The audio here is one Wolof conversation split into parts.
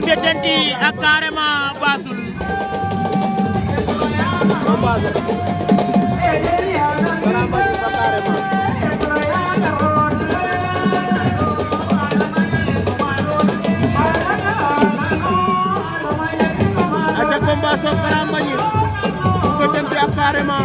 muy Bettenty ak carrément Bassoul aca combat so Karambagny Bettenty ak carrément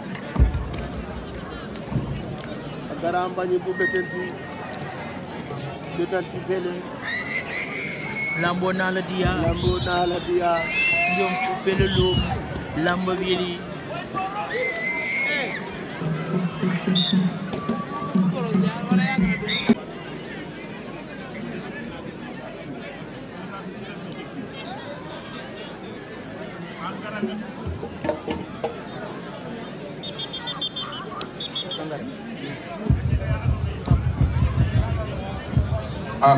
ni bu betenti betenti fele lambo la dia lambo nala dia ndiyom pele lom lamba weli Thank you. Al. aja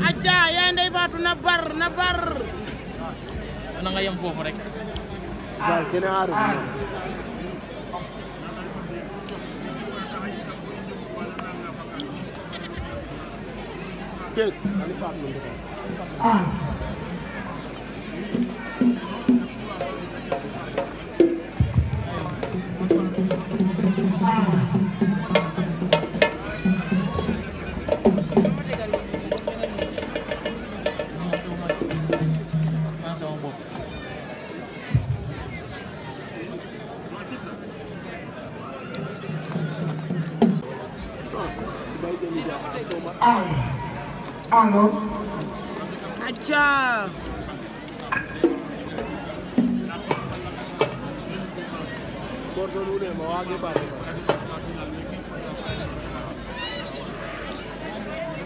acca yaay ndey nabar, na bar na bar na nga rek. Evet. Ali Fatma. Ah.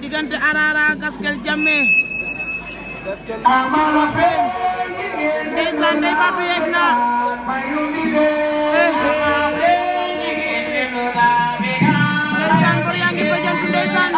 diggante Arara Gaskel Jamme ndeysaan Ndeye Fatou yegg na ndeysaan bor yaa ngi bëjantu ndeysaan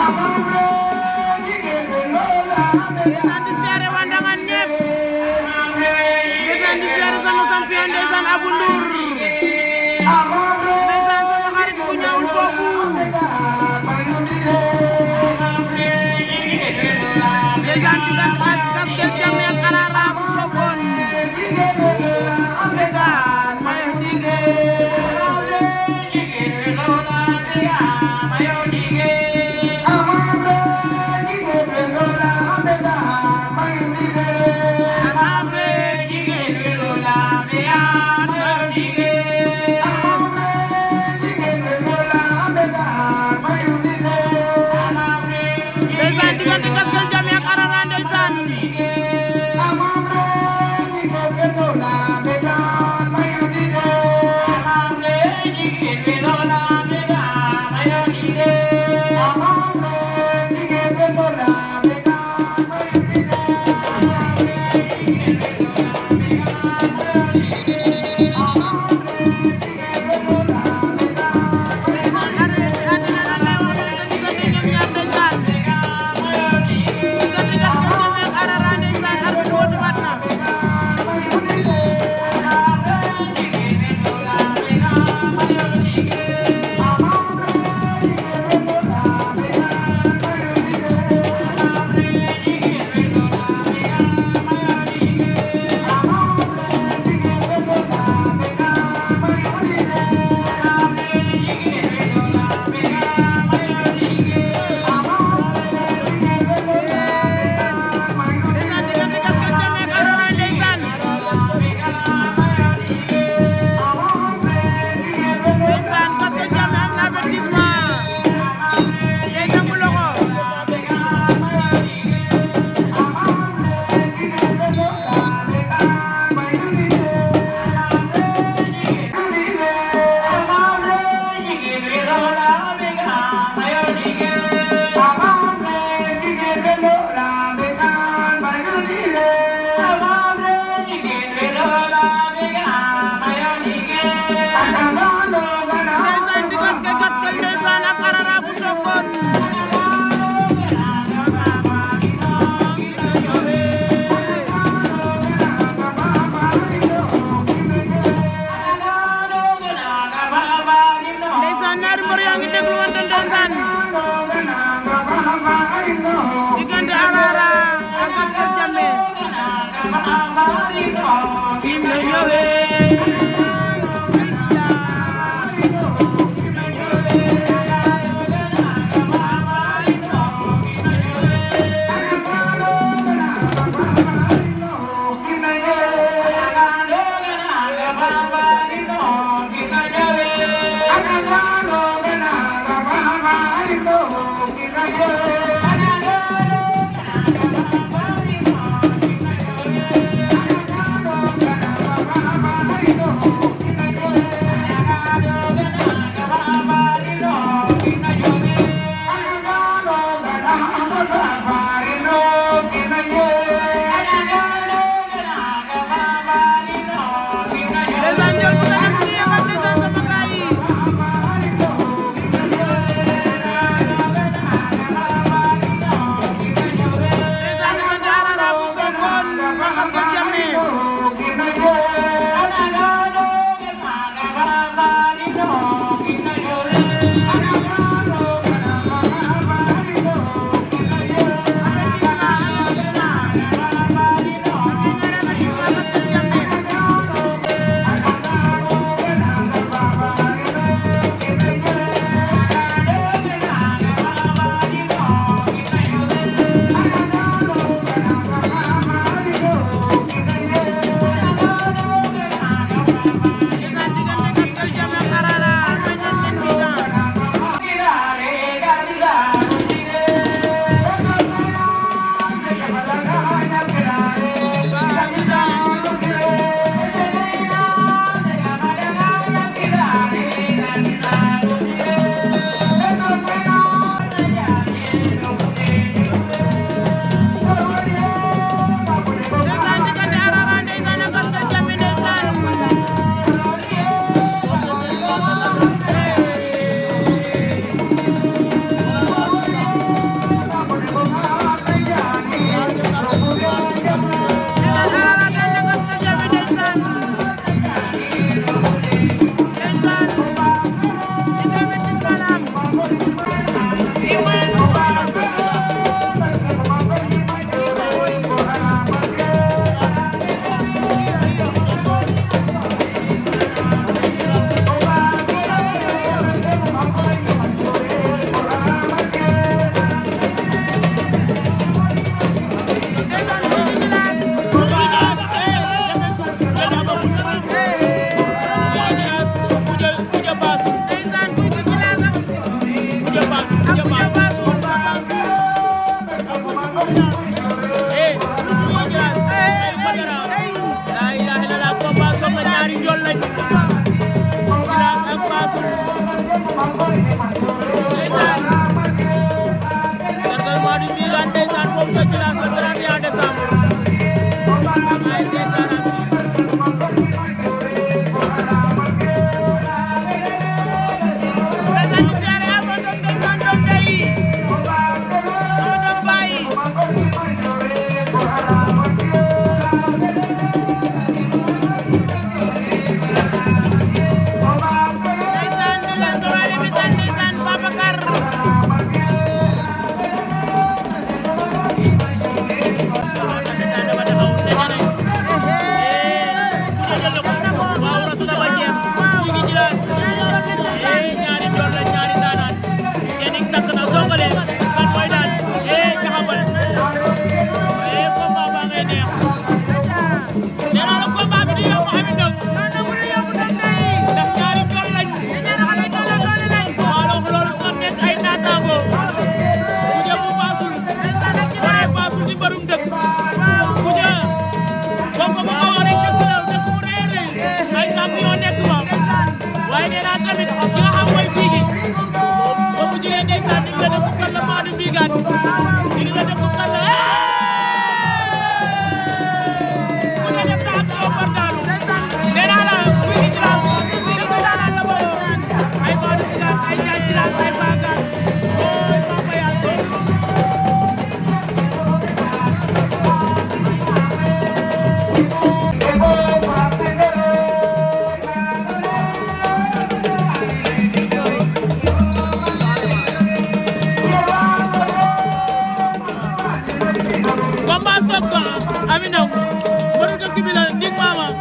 Amina Modou Kër Kibira Ndik Mama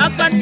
ak ban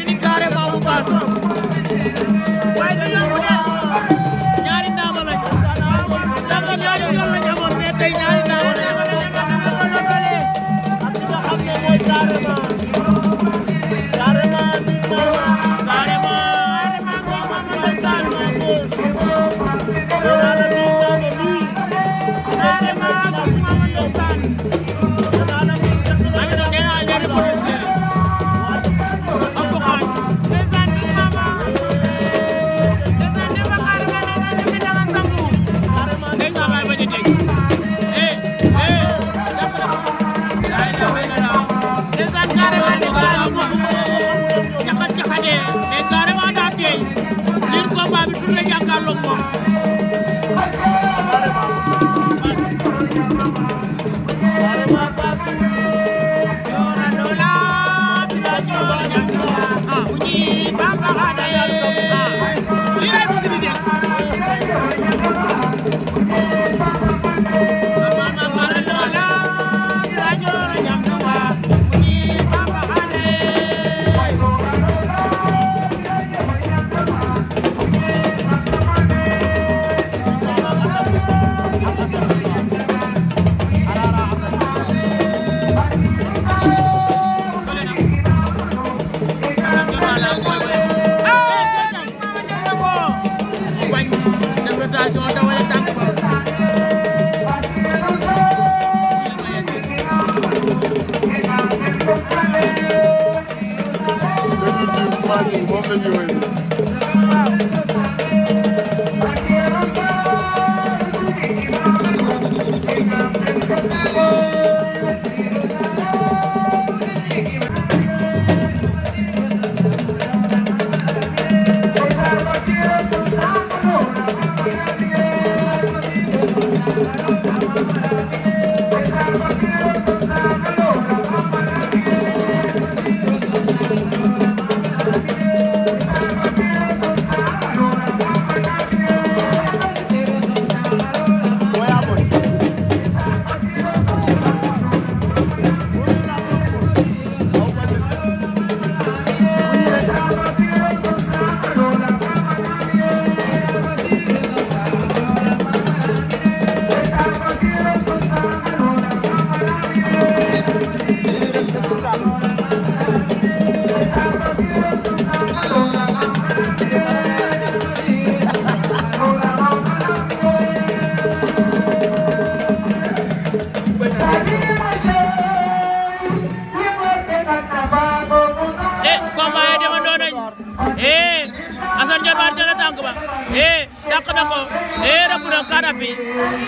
no kanapi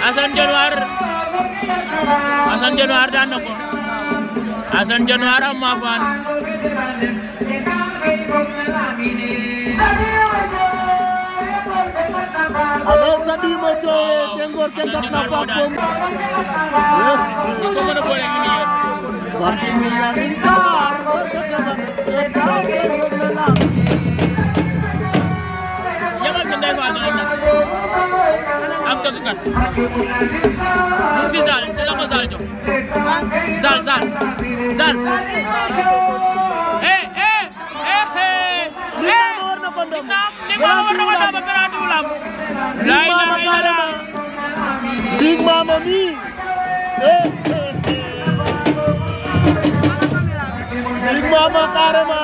asan januar asan januar dan ko asan januar amma fan Alo sadi mo cho tengor tengor na fa ko. Ko boleh ni. Fa ni ya ni sar kat mu fi Zal da la ko Zal jox Zal Zal Zal eh eh eh eh, eh. war na ko ndom ni ma war na ko ndom ba beraatu lam la ilaha illallah dig mama mi eh dig eh, eh. mama karama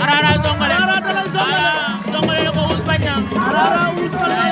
Arara Zongale Arara Zongale ko us bañ na Arara us bañ na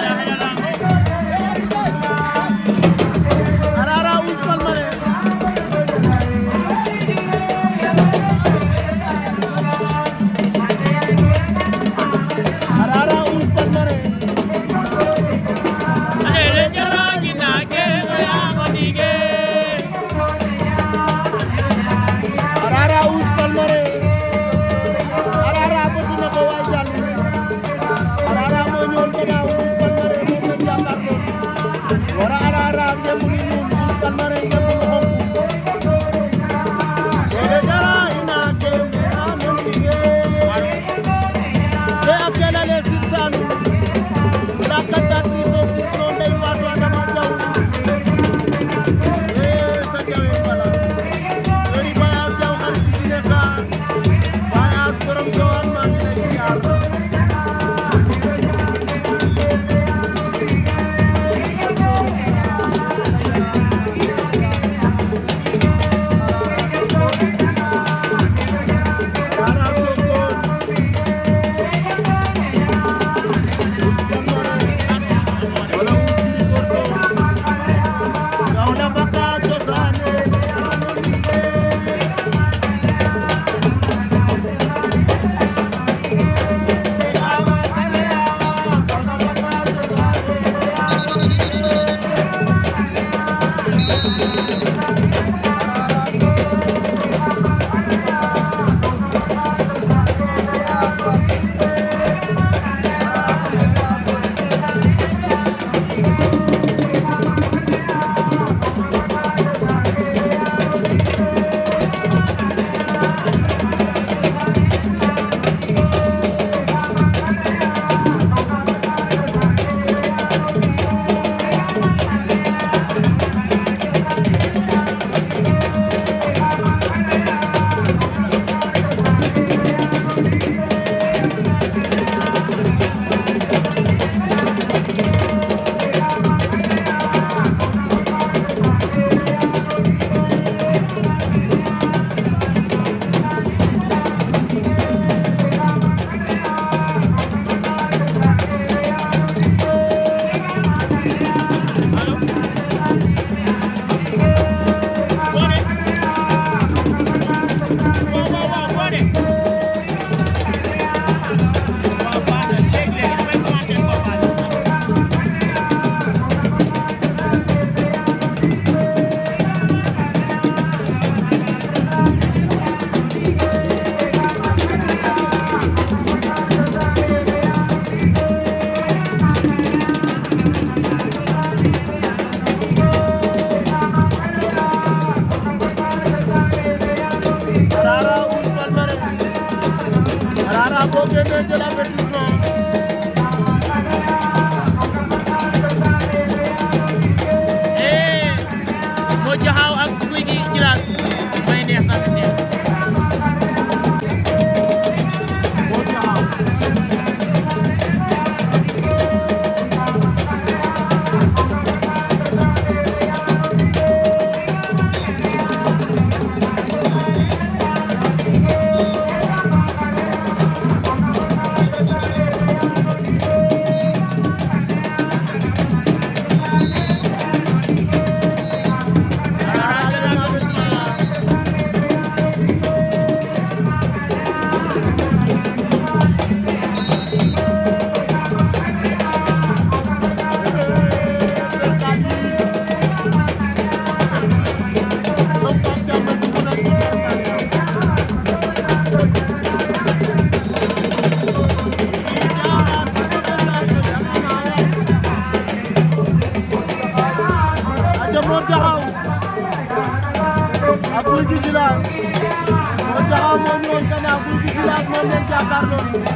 jàkkaarloo